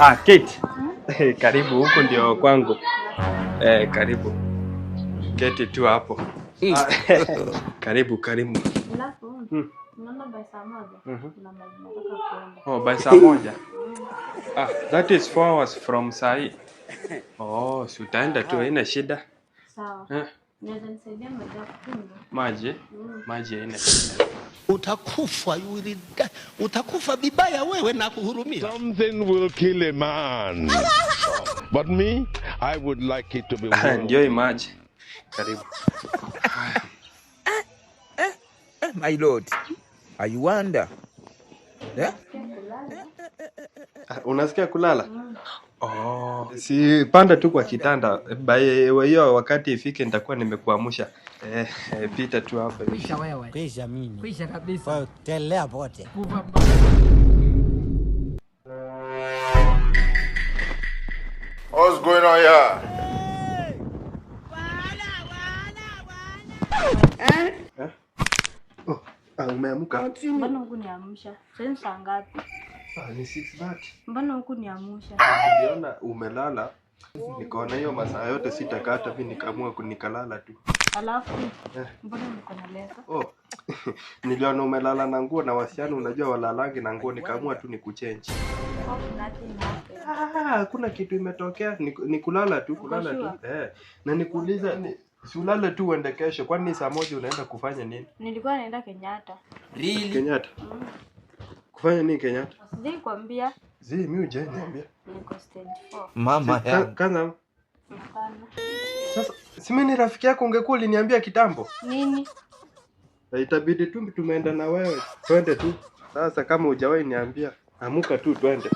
Ah, Kate. hmm? Karibu huku ndio kwangu eh, karibu keti tu hapo hmm. Ah, karibu karibu hmm. Oh, by saa moja ah, that is four hours from saa hii oh, si utaenda tu haina shida Sawa. eh? Maji mm. maji haina shida Utakufa, you will die. Utakufa vibaya wewe na kuhurumia. Something will kill a man. But me, I would like it to be ah, well. Enjoy maji. Karibu. Eh, eh, eh, my lord. Are you wonder? Yeah? Unasikia kulala? Oh, si panda tu kwa kitanda. Hiyo wakati ifike nitakuwa nimekuamsha. Eh, eh, pita tu hapa. Kwisha wewe. Kwisha mimi. Kwisha kabisa. Telea pote. What's going on here? Eh? Eh? Oh, ah, umeamka? Mbona hukuniamsha? Sasa saa ngapi? Ah, ni six that. Mbona huku ni amusha? Niliona umelala. Nikaona hiyo masaa yote sitakata mimi nikaamua nikalala tu. Alafu eh. mbona niko na leza? Oh. Niliona umelala na nguo na wasichana unajua walalangi na nguo nikaamua tu nikuchange. Ah, kuna kitu imetokea ni kulala tu, kulala tu. Eh. Na nikuuliza ni, si ulale tu uende kesho kwani saa moja unaenda kufanya nini? Nilikuwa naenda Kenyatta. Really? Kenyatta. Mm. Kufanya nini Kenyatta? Zii kwambia. Zii mimi hujai niambia. Niko stage 4. Mama Kana. Mfano. Sasa si mimi ni rafiki yako ungekuwa uliniambia kitambo. Nini? Itabidi tu tumeenda na wewe. Twende tu. Sasa kama hujawahi niambia, amuka tu twende.